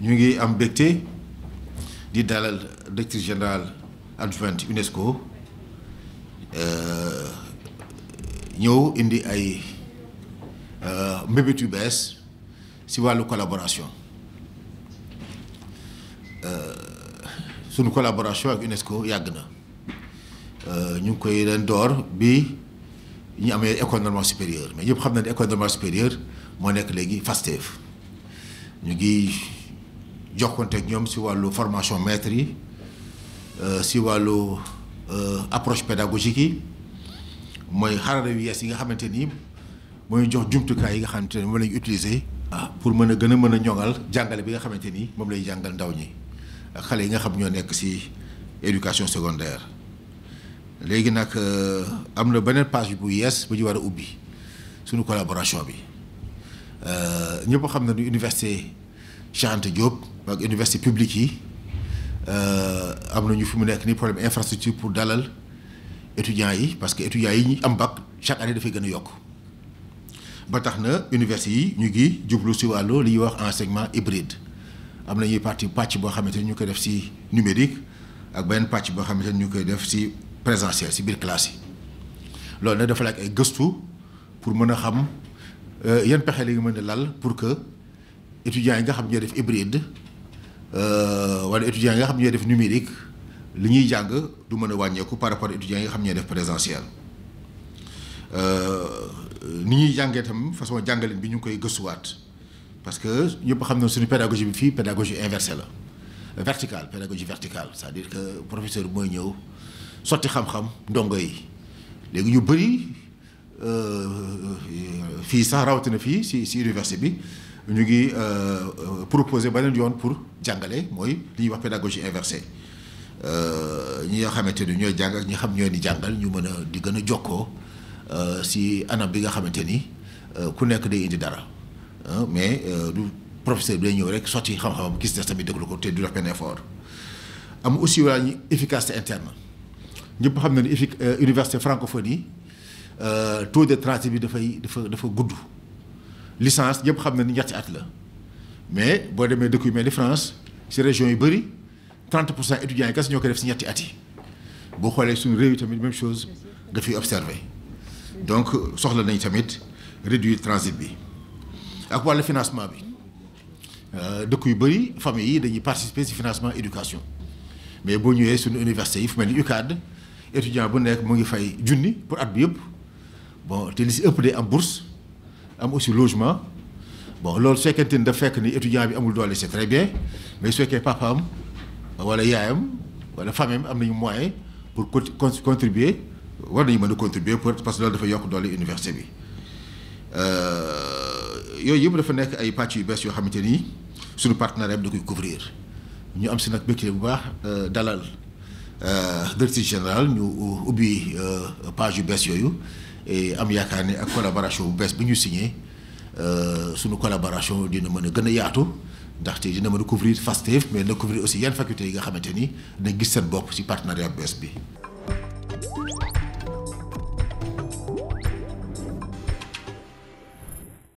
ñu ngi am mbégte di dalal directeur général adjoint UNESCO euh, ñëw indi ay euh, mbébét yu bees ci wàllu collaboration euh, sunu collaboration ak UNESCO yàgg na ñu ngi koy leen bi ñu amee école normale supérieure mais ñëpp xam na ne école normale supérieure moo nekk léegi FASTEF ñu ngi jokkonte ak ñoom si wàllu formation maître yi euh, si wàllu euh, approche pédagogique yi mooy xarala yu yees yi nga xamante ni mooy jox jumtukaay yi nga xamante ni moom la ñu utiliser. ah pour mën a gën a mën a ñoŋal jàngale bi nga xamante ni moom lay jàngal ndaw ñi xale yi nga xam ñoo nekk si éducation secondaire. léegi nag euh, am na beneen page bu yees bu ñu war a ubbi suñu collaboration bi euh, ñëpp xam na ni université Cheikh Anta Diop ak université publique yi euh, am na ñu fi mu nekk ni problème infrastructure pour dalal étudiants yi parce que étudiants yi ñu am bac chaque année dafay gën a yokk ba tax na université yi ñu ngi jublu si wàllu li ñuy wax enseignement hybride am na ñuy parti pàcc boo xamante ni ñu koy def si numérique ak beneen pàcc boo xamante ni ñu koy def si présentiel si biir classe yi lool nag dafa laaj ay gëstu pour mën a xam euh, yan pexe la ñu mën a lal pour que étudiants yi nga xam ñoo def hybride euh, wala étudiants yi nga xam ñoo def numérique li ñuy jàng du mën a wàññeeku par rapport étudiants yi nga xam ñoo def présentiel euh, ni ñuy jàngee tam façon jàngalin bi ñu koy gëstuwaat parce que ñëpp xam na suñu pédagogie bi fii pédagogie inversée la verticale pédagogie verticale c'est-à-dire que professeur mooy ñëw sotti xam-xam ndongo yi léegi ñu bëri euh, fii sax rawatina fii si si université bi ñu ngi euh, euh, proposer beneen yoon pour jàngale mooy li ñuy wax pédagogie inversée ñi nga xamante ni ñooy jàng ñi xam ñoo ni jàngal ñu mën a di gën a jokkoo si anam bi nga xamante ni ku nekk day indi dara mais du professeur bi day ñëw rek sotti xam-xamam gis des tamit déglu ko te du def benn effort am aussi wala ñu efficacité interne. ñëpp xam na ni UFIC euh, université francophonie euh, taux de transit bi dafay dafa dafa gudd licence ñëpp xam na ni ñetti at la mais boo demee dëkk yu mais ni France si région yu bëri 30 pour cent étudiants yi kas ñoo ko def si ñetti at yi boo xoolee suñu réew yi tamit même chose nga fiy observé donc soxla nañ tamit réduire transit bi ak wàllu financement bi euh, dëkk yu bëri famille yi dañuy participer si financement éducation mais boo ñëwee suñu université yi fu mel ni UCAD étudiant bu nekk mu ngi fay junni pour at bi yëpp bon te li si ëpp day am bourse am aussi logement bon loolu su fekkente daf fekk ni étudiant bi amul doole c'est très bien mais su fekkee papaam wala yaayam wala famem am nañu moyen pour contribuer war nañu mën a contribuer pour parce que loolu dafa yokk doole université bi euh, yooyu yëpp dafa nekk ay pàcc yu bees yoo xamante ni suñu partenaire da koy couvrir ñu am si nag mbégte bu baax euh, dalal. Euh, directrice générale ñu ubbi euh, page yu bees yooyu am yaakaar ni ak collaboration bu bees bu ñu signé euh, suñu collaboration dina mën a gën a yaatu ndaxte dina mën a couvrir FASTEF mais na couvrir aussi yan faculté yi nga xamante ni dañ gis seen bopp ci partenariat bees bi.